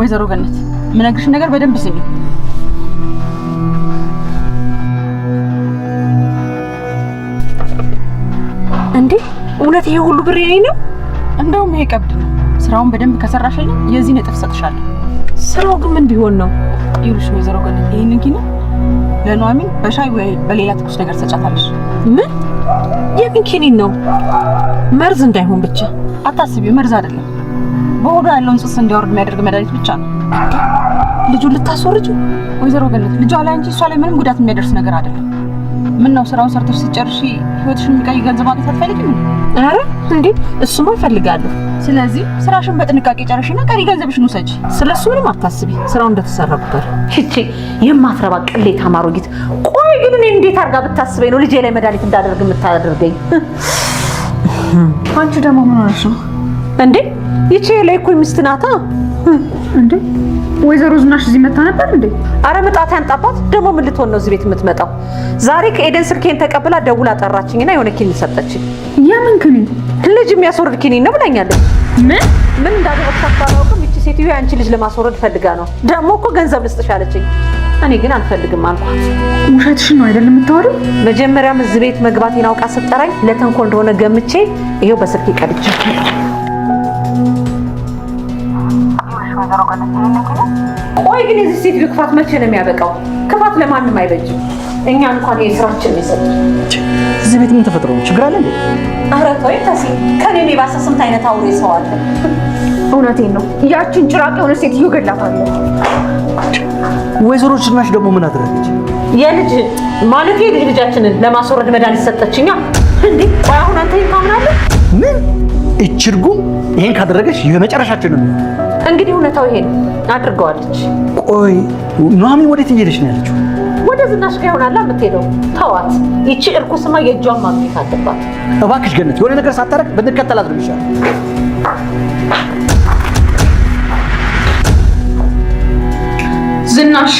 ወይዘሮ ገነት የምነግርሽን ነገር በደንብ ስሚ። እንዴ እውነት ይሄ ሁሉ ብር የኔ ነው? እንደውም ይሄ ቀብድ ነው። ስራውን በደንብ ከሰራሽልኝ የዚህ ነጥብ ሰጥሻለሁ። ስራው ግን ምን ቢሆን ነው? ይኸውልሽ ወይዘሮ ገነት ይሄንን ኪኒ ለኑሐሚን በሻይ ወይ በሌላ ትኩስ ነገር ሰጫታለሽ። ምን? የምን ኪኒን ነው? መርዝ እንዳይሆን ብቻ። አታስቢ፣ መርዝ አይደለም በሆዷ ያለውን ጽንስ እንዲያወርድ የሚያደርግ መድኃኒት ብቻ ነው። ልጁን ልታስወርጁ? ወይዘሮ ገነት ልጇ ላይ እንጂ እሷ ላይ ምንም ጉዳት የሚያደርስ ነገር አይደለም። ምን ነው ስራውን ሰርተሽ ስትጨርሺ ህይወትሽን የሚቀይ ገንዘብ ማግኘት አትፈልጊም? አረ እንዴ እሱማ እፈልጋለሁ። ስለዚህ ስራሽን በጥንቃቄ ጨርሽና ቀሪ ገንዘብሽን ውሰጂ። እሱ ምንም አታስቢ። ስራው ቁጠር። እቺ የማትረባ ቅሌት አማሮጊት። ቆይ ግን እኔ እንዴት አድርጋ ብታስበኝ ነው ልጄ ላይ መድኃኒት እንዳደርግ የምታደርገኝ? አንቺ ደግሞ ምን ሆነሽ ነው እንዴ? ይቺ ላይ እኮ ሚስት ናታ እንዴ! ወይዘሮ ዝናሽ እዚህ መታ ነበር እንዴ? አረ ምጣት ያንጣባት። ደግሞ ምን ልትሆን ነው እዚህ ቤት የምትመጣው? ዛሬ ከኤደን ስልኬን ተቀብላ ደውላ ጠራችኝና የሆነ ኪኒን ሰጠችኝ። የምን ኪኒን? ልጅ የሚያስወርድ ኪኒን ነው ብላኛለች። ምን ምን እንዳደረግሽ አላውቅም። ይቺ ሴትዮ የአንቺ ልጅ ለማስወረድ ፈልጋ ነው። ደግሞ እኮ ገንዘብ ልስጥሽ አለችኝ። እኔ ግን አልፈልግም አልኳት። ውሸትሽን ነው አይደለም የምታወሪው? መጀመሪያም እዚህ ቤት መግባት አውቃ ስጠራኝ ለተንኮል እንደሆነ ገምቼ ይሄው በስልኬ ቀድቻለሁ። ወይዘሮ ገነት ቆይ ግን የዚህ ሴት ክፋት መቼ ነው የሚያበቃው? ክፋት ለማንም አይበጅም። እኛ እንኳን የስራችን ይሰጥ። እዚህ ቤት ምን ተፈጥሮ ነው? ችግር አለ እንዴ? ኧረ ተወኝ ታሲ፣ ከኔ የባሰ ስንት አይነት አውሬ ሰው አለ። እውነቴን ነው። ያችን ጭራቅ የሆነ ሴትዮ ገላታለሁ። ወይዘሮ ዝናሽ ደግሞ ምን አደረገች? የልጅ ማለት የልጅ ልጃችንን ለማስወረድ መድኃኒት ሰጠችኛ። እንዴ ቆይ አሁን አንተ ይካምናለህ? ምን እችርጉም ይሄን ካደረገች የመጨረሻችንን ነው እንግዲህ እውነታው ይሄ አድርገዋለች። ቆይ ኑሐሚን ወዴት እየሄደች ነው ያለችው? ወደ ዝናሽ ጋር ይሆናላ የምትሄደው። ተዋት። ይቺ እርኩስማ የእጇን ማግኘት አለባት። እባክሽ ገነት፣ የሆነ ነገር ሳታረግ ብንከተል አድርግሻል። ዝናሽ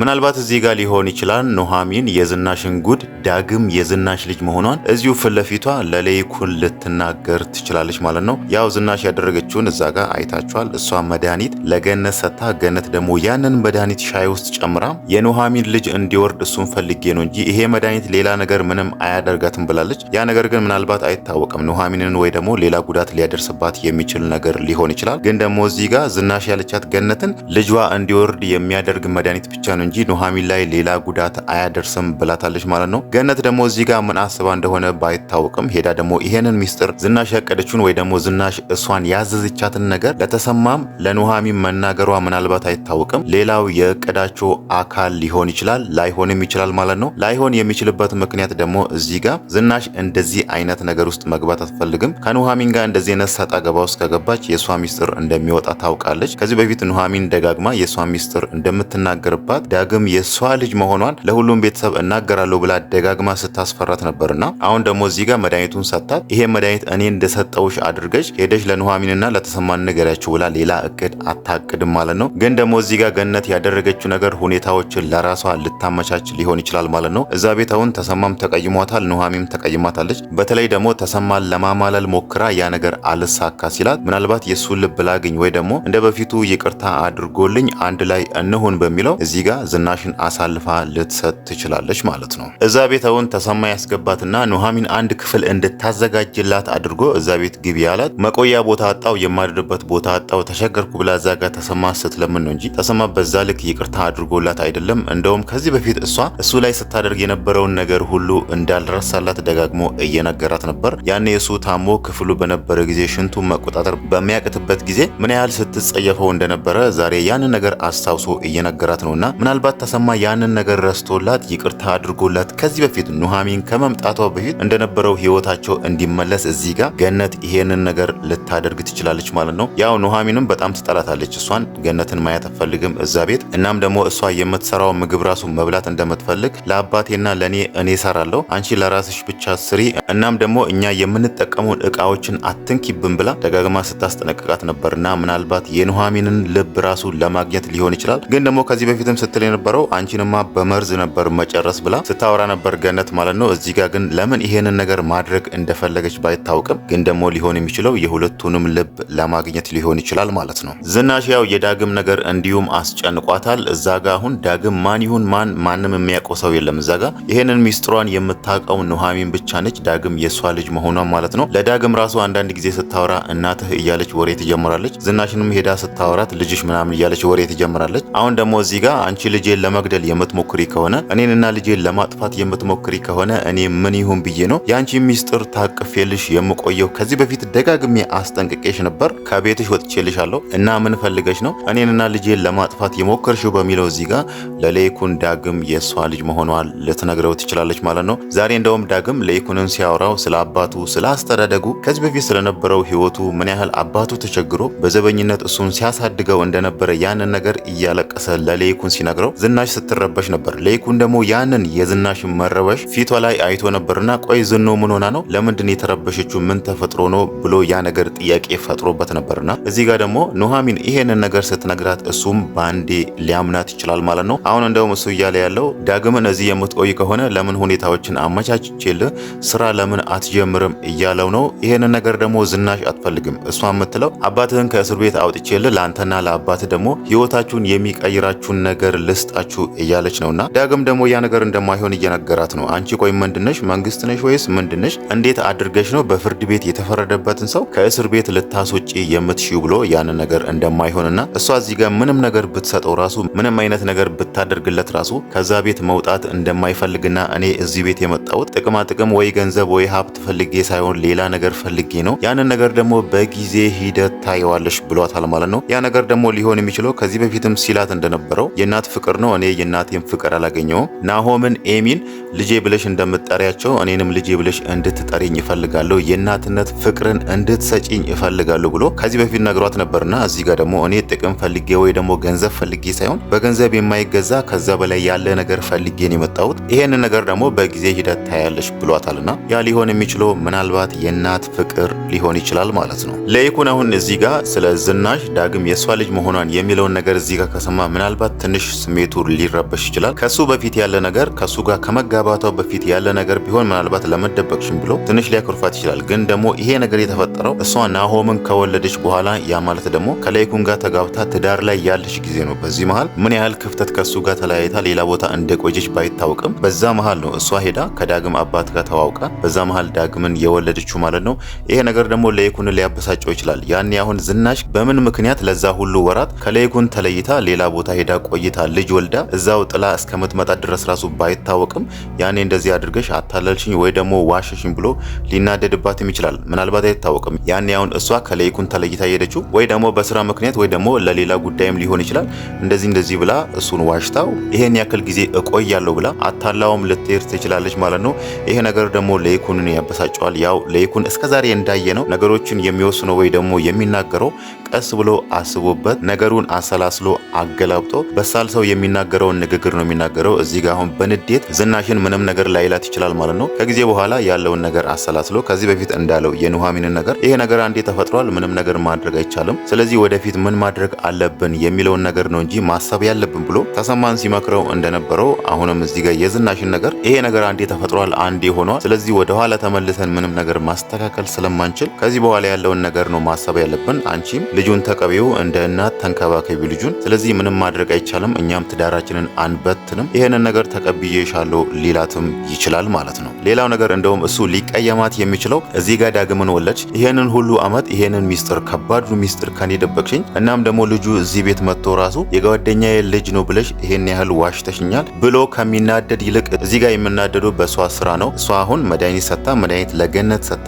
ምናልባት እዚህ ጋር ሊሆን ይችላል ኑሐሚን የዝናሽን ጉድ ዳግም የዝናሽ ልጅ መሆኗን እዚሁ ፊት ለፊቷ ለሌይኩን ልትናገር ትችላለች ማለት ነው። ያው ዝናሽ ያደረገችውን እዛ ጋር አይታችኋል። እሷ መድኃኒት ለገነት ሰታ፣ ገነት ደግሞ ያንን መድኃኒት ሻይ ውስጥ ጨምራ የኑሐሚን ልጅ እንዲወርድ እሱን ፈልጌ ነው እንጂ ይሄ መድኃኒት ሌላ ነገር ምንም አያደርጋትም ብላለች። ያ ነገር ግን ምናልባት አይታወቅም ኑሐሚንን ወይ ደግሞ ሌላ ጉዳት ሊያደርስባት የሚችል ነገር ሊሆን ይችላል። ግን ደግሞ እዚህ ጋር ዝናሽ ያለቻት ገነትን ልጇ እንዲወርድ የሚያደርግ መድኃኒት ብቻ ነው እንጂ ኑሐሚን ላይ ሌላ ጉዳት አያደርስም ብላታለች ማለት ነው። ገነት ደግሞ እዚህ ጋር ምን አስባ እንደሆነ ባይታወቅም ሄዳ ደግሞ ይሄንን ሚስጥር ዝናሽ ያቀደችውን ወይ ደግሞ ዝናሽ እሷን ያዘዘቻትን ነገር ለተሰማም ለኑሃሚን መናገሯ ምናልባት አይታወቅም። ሌላው የእቅዳቸው አካል ሊሆን ይችላል፣ ላይሆንም ይችላል ማለት ነው። ላይሆን የሚችልበት ምክንያት ደግሞ እዚህ ጋር ዝናሽ እንደዚህ አይነት ነገር ውስጥ መግባት አትፈልግም። ከኑሃሚን ጋር እንደዚህ አይነት ሰጣ ገባ ውስጥ ከገባች የእሷ ሚስጥር እንደሚወጣ ታውቃለች። ከዚህ በፊት ኑሃሚን ደጋግማ የእሷ ሚስጥር እንደምትናገርባት ዳግም የእሷ ልጅ መሆኗን ለሁሉም ቤተሰብ እናገራለሁ ብላ ደጋግማ ስታስፈራት ነበርና አሁን ደግሞ እዚህ ጋር መድኃኒቱን ሰጥታት ይሄ መድኃኒት እኔ እንደሰጠውሽ አድርገሽ ሄደሽ ለኑሐሚንና ለተሰማን ንገሪያቸው ብላ ሌላ እቅድ አታቅድም ማለት ነው። ግን ደግሞ እዚህ ጋር ገነት ያደረገችው ነገር ሁኔታዎችን ለራሷ ልታመቻች ሊሆን ይችላል ማለት ነው። እዛ ቤት አሁን ተሰማም ተቀይሟታል፣ ኑሐሚም ተቀይማታለች። በተለይ ደግሞ ተሰማን ለማማለል ሞክራ ያ ነገር አልሳካ ሲላት ምናልባት የእሱን ልብ ላግኝ ወይ ደግሞ እንደ በፊቱ ይቅርታ አድርጎልኝ አንድ ላይ እንሁን በሚለው እዚህ ጋር ዝናሽን አሳልፋ ልትሰጥ ትችላለች ማለት ነው እዛ ቤተውን ተሰማ ያስገባትና ኑሐሚን አንድ ክፍል እንድታዘጋጅላት አድርጎ እዛ ቤት ግቢ ያላት። መቆያ ቦታ አጣው፣ የማድርበት ቦታ አጣው፣ ተሸገርኩ ብላ እዛ ጋር ተሰማ ስትለምን ነው እንጂ ተሰማ በዛ ልክ ይቅርታ አድርጎላት አይደለም። እንደውም ከዚህ በፊት እሷ እሱ ላይ ስታደርግ የነበረውን ነገር ሁሉ እንዳልረሳላት ደጋግሞ እየነገራት ነበር። ያኔ እሱ ታሞ ክፍሉ በነበረ ጊዜ ሽንቱ መቆጣጠር በሚያቅትበት ጊዜ ምን ያህል ስትጸየፈው እንደነበረ ዛሬ ያንን ነገር አስታውሶ እየነገራት ነውና ምናልባት ተሰማ ያንን ነገር ረስቶላት ይቅርታ አድርጎላት ከዚህ ከዚህ በፊት ኑሐሚን ከመምጣቷ በፊት እንደነበረው ህይወታቸው እንዲመለስ እዚህ ጋር ገነት ይሄንን ነገር ልታደርግ ትችላለች ማለት ነው። ያው ኑሐሚንም በጣም ትጠላታለች እሷን ገነትን ማየት አትፈልግም እዛ ቤት። እናም ደግሞ እሷ የምትሰራው ምግብ ራሱ መብላት እንደምትፈልግ ለአባቴና ለእኔ እኔ ሰራለሁ፣ አንቺ ለራስሽ ብቻ ስሪ፣ እናም ደግሞ እኛ የምንጠቀመውን እቃዎችን አትንኪብን ብላ ደጋግማ ስታስጠነቅቃት ነበርና ምናልባት የኑሐሚንን ልብ ራሱ ለማግኘት ሊሆን ይችላል። ግን ደግሞ ከዚህ በፊትም ስትል የነበረው አንቺንማ በመርዝ ነበር መጨረስ ብላ ስታወራ ነበር ነበር ገነት ማለት ነው። እዚህ ጋር ግን ለምን ይሄንን ነገር ማድረግ እንደፈለገች ባይታወቅም ግን ደግሞ ሊሆን የሚችለው የሁለቱንም ልብ ለማግኘት ሊሆን ይችላል ማለት ነው። ዝናሽ ያው የዳግም ነገር እንዲሁም አስጨንቋታል። እዛ ጋ አሁን ዳግም ማን ይሁን ማን ማንም የሚያውቀው ሰው የለም። እዛ ጋ ይሄንን ሚስጥሯን የምታውቀው ኑሐሚን ብቻ ነች፣ ዳግም የእሷ ልጅ መሆኗን ማለት ነው። ለዳግም ራሱ አንዳንድ ጊዜ ስታወራ እናትህ እያለች ወሬ ትጀምራለች። ዝናሽንም ሄዳ ስታወራት ልጅሽ ምናምን እያለች ወሬ ትጀምራለች። አሁን ደግሞ እዚህ ጋ አንቺ ልጄን ለመግደል የምትሞክሪ ከሆነ እኔንና ልጄን ለማጥፋት የምት የምትሞክሪ ከሆነ እኔ ምን ይሁን ብዬ ነው የአንቺ ሚስጥር ታቅፌልሽ የምቆየው? ከዚህ በፊት ደጋግሜ አስጠንቅቄሽ ነበር። ከቤትሽ ወጥቼልሻለሁ እና ምን ፈልገሽ ነው እኔንና ልጄን ለማጥፋት የሞከርሽው? በሚለው እዚህ ጋር ለሌይኩን ዳግም የእሷ ልጅ መሆኗ ልትነግረው ትችላለች ማለት ነው። ዛሬ እንደውም ዳግም ሌይኩንን ሲያወራው ስለ አባቱ፣ ስለ አስተዳደጉ፣ ከዚህ በፊት ስለነበረው ህይወቱ ምን ያህል አባቱ ተቸግሮ በዘበኝነት እሱን ሲያሳድገው እንደነበረ ያንን ነገር እያለቀሰ ለሌይኩን ሲነግረው ዝናሽ ስትረበሽ ነበር። ሌይኩን ደግሞ ያንን የዝናሽ መረበሽ ፊቷ ላይ አይቶ ነበርና ቆይ ዝኖ ምን ሆና ነው ለምንድን የተረበሸችው ምን ተፈጥሮ ነው ብሎ ያ ነገር ጥያቄ ፈጥሮበት ነበርና እዚህ ጋር ደግሞ ኑሐሚን ይሄንን ነገር ስትነግራት እሱም በአንዴ ሊያምናት ይችላል ማለት ነው። አሁን እንደውም እሱ እያለ ያለው ዳግምን እዚህ የምትቆይ ከሆነ ለምን ሁኔታዎችን አመቻችቼልህ ስራ ለምን አትጀምርም እያለው ነው። ይሄንን ነገር ደግሞ ዝናሽ አትፈልግም። እሷ የምትለው አባትህን ከእስር ቤት አውጥቼልህ ለአንተና ለአባት ደግሞ ህይወታችሁን የሚቀይራችሁን ነገር ልስጣችሁ እያለች ነውና ዳግም ደግሞ ያ ነገር እንደማይሆን እየነገረ እየተናገራት ነው። አንቺ ቆይ ምንድነሽ? መንግስት ነሽ ወይስ ምንድነሽ? እንዴት አድርገሽ ነው በፍርድ ቤት የተፈረደበትን ሰው ከእስር ቤት ልታስወጪ የምትሺው? ብሎ ያንን ነገር እንደማይሆንና እሷ እዚህ ጋር ምንም ነገር ብትሰጠው ራሱ ምንም አይነት ነገር ብታደርግለት ራሱ ከዛ ቤት መውጣት እንደማይፈልግና እኔ እዚህ ቤት የመጣሁት ጥቅማ ጥቅም ወይ ገንዘብ ወይ ሀብት ፈልጌ ሳይሆን ሌላ ነገር ፈልጌ ነው። ያንን ነገር ደግሞ በጊዜ ሂደት ታየዋለሽ ብሏታል ማለት ነው። ያ ነገር ደግሞ ሊሆን የሚችለው ከዚህ በፊትም ሲላት እንደነበረው የእናት ፍቅር ነው። እኔ የእናቴም ፍቅር አላገኘውም ናሆምን ኤሚን ልጄ ብለሽ እንደምትጠሪያቸው እኔንም ልጄ ብለሽ እንድትጠሪኝ እፈልጋለሁ፣ የእናትነት ፍቅርን እንድትሰጪኝ እፈልጋለሁ ብሎ ከዚህ በፊት ነግሯት ነበርና እዚህ ጋር ደግሞ እኔ ጥቅም ፈልጌ ወይ ደግሞ ገንዘብ ፈልጌ ሳይሆን በገንዘብ የማይገዛ ከዛ በላይ ያለ ነገር ፈልጌን የመጣሁት ይሄንን ነገር ደግሞ በጊዜ ሂደት ታያለሽ ብሏታልና ያ ሊሆን የሚችለው ምናልባት የእናት ፍቅር ሊሆን ይችላል ማለት ነው። ለይኩን አሁን እዚህ ጋር ስለ ዝናሽ ዳግም የእሷ ልጅ መሆኗን የሚለውን ነገር እዚህ ጋር ከሰማ ምናልባት ትንሽ ስሜቱ ሊረበሽ ይችላል። ከሱ በፊት ያለ ነገር ከሱ ጋር ከመጋ ከመጋባቷ በፊት ያለ ነገር ቢሆን ምናልባት ለመደበቅሽም ብሎ ትንሽ ሊያኮርፋት ይችላል። ግን ደግሞ ይሄ ነገር የተፈጠረው እሷ ናሆምን ከወለደች በኋላ ያ ማለት ደግሞ ከላይኩን ጋር ተጋብታ ትዳር ላይ ያለች ጊዜ ነው። በዚህ መሀል ምን ያህል ክፍተት ከእሱ ጋር ተለያይታ ሌላ ቦታ እንደቆየች ባይታወቅም በዛ መሀል ነው እሷ ሄዳ ከዳግም አባት ጋር ተዋውቃ በዛ መሀል ዳግምን የወለደችው ማለት ነው። ይሄ ነገር ደግሞ ለይኩን ሊያበሳጨው ይችላል። ያኔ አሁን ዝናሽ በምን ምክንያት ለዛ ሁሉ ወራት ከለይኩን ተለይታ ሌላ ቦታ ሄዳ ቆይታ ልጅ ወልዳ እዛው ጥላ እስከምትመጣ ድረስ ራሱ ባይታወቅም ያኔ እንደዚህ አድርገሽ አታለልሽኝ ወይ ደግሞ ዋሸሽኝ ብሎ ሊናደድባትም ይችላል። ምናልባት አይታወቅም። ያኔ አሁን እሷ ከለይኩን ተለይታ ሄደችው ወይ ደግሞ በስራ ምክንያት ወይ ደግሞ ለሌላ ጉዳይም ሊሆን ይችላል። እንደዚህ እንደዚህ ብላ እሱን ዋሽታው ይሄን ያክል ጊዜ እቆያለሁ ብላ አታላውም ልትሄድ ትችላለች ማለት ነው። ይሄ ነገር ደግሞ ለይኩንን ያበሳጨዋል። ያው ለይኩን እስከዛሬ እንዳየ ነው ነገሮችን የሚወስነው ወይ ደግሞ የሚናገረው ቀስ ብሎ አስቦበት ነገሩን አሰላስሎ አገላብጦ በሳል ሰው የሚናገረውን ንግግር ነው የሚናገረው። እዚህ ጋር አሁን በንዴት ዝናሽን ግን ምንም ነገር ላይላት ይችላል ማለት ነው። ከጊዜ በኋላ ያለውን ነገር አሰላስሎ ከዚህ በፊት እንዳለው የኑሐሚንን ነገር ይሄ ነገር አንዴ ተፈጥሯል፣ ምንም ነገር ማድረግ አይቻልም፣ ስለዚህ ወደፊት ምን ማድረግ አለብን የሚለውን ነገር ነው እንጂ ማሰብ ያለብን ብሎ ተሰማን ሲመክረው እንደነበረው አሁንም እዚህ ጋር የዝናሽን ነገር ይሄ ነገር አንዴ ተፈጥሯል፣ አንዴ ሆኗል፣ ስለዚህ ወደኋላ ተመልሰን ምንም ነገር ማስተካከል ስለማንችል ከዚህ በኋላ ያለውን ነገር ነው ማሰብ ያለብን። አንቺም ልጁን ተቀቢው፣ እንደ እናት ተንከባከቢ ልጁን። ስለዚህ ምንም ማድረግ አይቻልም፣ እኛም ትዳራችንን አንበትንም፣ ይሄንን ነገር ተቀብዬሻለሁ ሊላትም ይችላል ማለት ነው። ሌላው ነገር እንደውም እሱ ሊቀየማት የሚችለው እዚህ ጋር ዳግምን ወለች ይሄንን ሁሉ አመት ይሄንን ሚስጥር ከባዱ ሚስጥር ከኔ ደበቅሽኝ፣ እናም ደግሞ ልጁ እዚህ ቤት መጥቶ ራሱ የጓደኛዬ ልጅ ነው ብለሽ ይሄን ያህል ዋሽተሽኛል ብሎ ከሚናደድ ይልቅ እዚህ ጋር የምናደዱ በእሷ ስራ ነው። እሷ አሁን መድኃኒት ሰጥታ መድኃኒት ለገነት ሰጥታ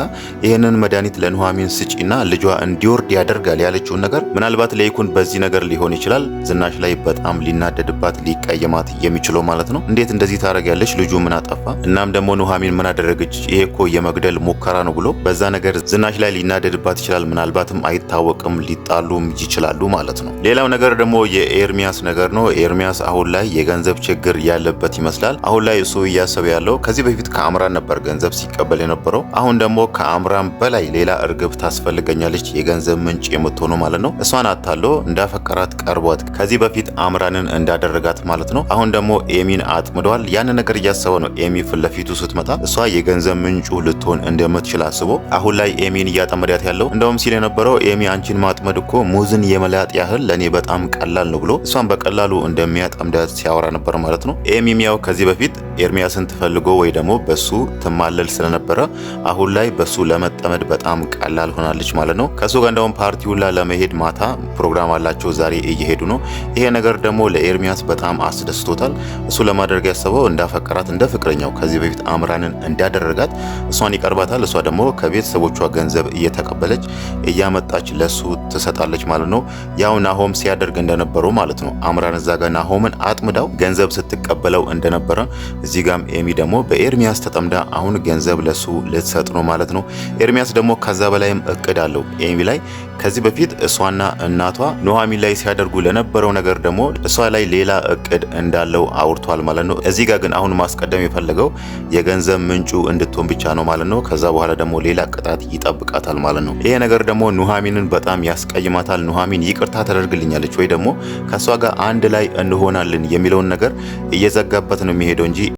ይህንን መድኃኒት ለኑሐሚን ስጪና ልጇ እንዲወርድ ያደርጋል ያለችውን ነገር ምናልባት ለይኩን በዚህ ነገር ሊሆን ይችላል ዝናሽ ላይ በጣም ሊናደድባት ሊቀየማት የሚችለው ማለት ነው። እንዴት እንደዚህ ታደርጊያለሽ? ልጁ ልጁ ምን አጠፋ? እናም ደግሞ ኑሐሚን ምን አደረገች? ይሄ እኮ የመግደል ሙከራ ነው ብሎ በዛ ነገር ዝናሽ ላይ ሊናደድባት ይችላል። ምናልባትም አይታወቅም፣ ሊጣሉም ይችላሉ ማለት ነው። ሌላው ነገር ደግሞ የኤርሚያስ ነገር ነው። ኤርሚያስ አሁን ላይ የገንዘብ ችግር ያለበት ይመስላል። አሁን ላይ እሱ እያሰብ ያለው ከዚህ በፊት ከአምራን ነበር ገንዘብ ሲቀበል የነበረው። አሁን ደግሞ ከአምራን በላይ ሌላ እርግብ ታስፈልገኛለች፣ የገንዘብ ምንጭ የምትሆኑ ማለት ነው። እሷን አታሎ እንዳፈቀራት ቀርቧት ከዚህ በፊት አምራንን እንዳደረጋት ማለት ነው። አሁን ደግሞ ኤሚን አጥምደዋል። ያን ነገር እያ ስላላሰበ ነው ኤሚ ፊት ለፊቱ ስትመጣ እሷ የገንዘብ ምንጩ ልትሆን እንደምትችል አስቦ አሁን ላይ ኤሚን እያጠመዳት ያለው እንደውም ሲል የነበረው ኤሚ አንቺን ማጥመድ እኮ ሙዝን የመላጥ ያህል ለእኔ በጣም ቀላል ነው ብሎ እሷን በቀላሉ እንደሚያጠምዳት ሲያወራ ነበር ማለት ነው። ኤሚም ያው ከዚህ በፊት ኤርሚያስን ትፈልጎ ወይ ደግሞ በሱ ትማለል ስለነበረ አሁን ላይ በሱ ለመጠመድ በጣም ቀላል ሆናለች ማለት ነው። ከሱ ጋር እንደውም ፓርቲ ለመሄድ ማታ ፕሮግራም አላቸው፣ ዛሬ እየሄዱ ነው። ይሄ ነገር ደግሞ ለኤርሚያስ በጣም አስደስቶታል። እሱ ለማድረግ ያሰበው እንዳፈቀራ በማፍራት እንደ ፍቅረኛው ከዚህ በፊት አምራንን እንዳደረጋት እሷን ይቀርባታል። እሷ ደግሞ ከቤተሰቦቿ ገንዘብ እየተቀበለች እያመጣች ለሱ ትሰጣለች ማለት ነው። ያው ናሆም ሲያደርግ እንደነበረው ማለት ነው። አምራን እዛ ጋር ናሆምን አጥምዳው ገንዘብ ስትቀበለው እንደነበረ እዚህ ጋም ኤሚ ደግሞ በኤርሚያስ ተጠምዳ አሁን ገንዘብ ለሱ ልትሰጥ ነው ማለት ነው። ኤርሚያስ ደግሞ ከዛ በላይም እቅድ አለው ኤሚ ላይ ከዚህ በፊት እሷና እናቷ ኑሐሚን ላይ ሲያደርጉ ለነበረው ነገር ደግሞ እሷ ላይ ሌላ እቅድ እንዳለው አውርቷል ማለት ነው። እዚህ ጋር ግን አሁን ማስቀደም የፈለገው የገንዘብ ምንጩ እንድትሆን ብቻ ነው ማለት ነው። ከዛ በኋላ ደግሞ ሌላ ቅጣት ይጠብቃታል ማለት ነው። ይሄ ነገር ደግሞ ኑሐሚንን በጣም ያስቀይማታል። ኑሐሚን ይቅርታ ተደርግልኛለች ወይ ደግሞ ከእሷ ጋር አንድ ላይ እንሆናለን የሚለውን ነገር እየዘጋበት ነው የሚሄደው እንጂ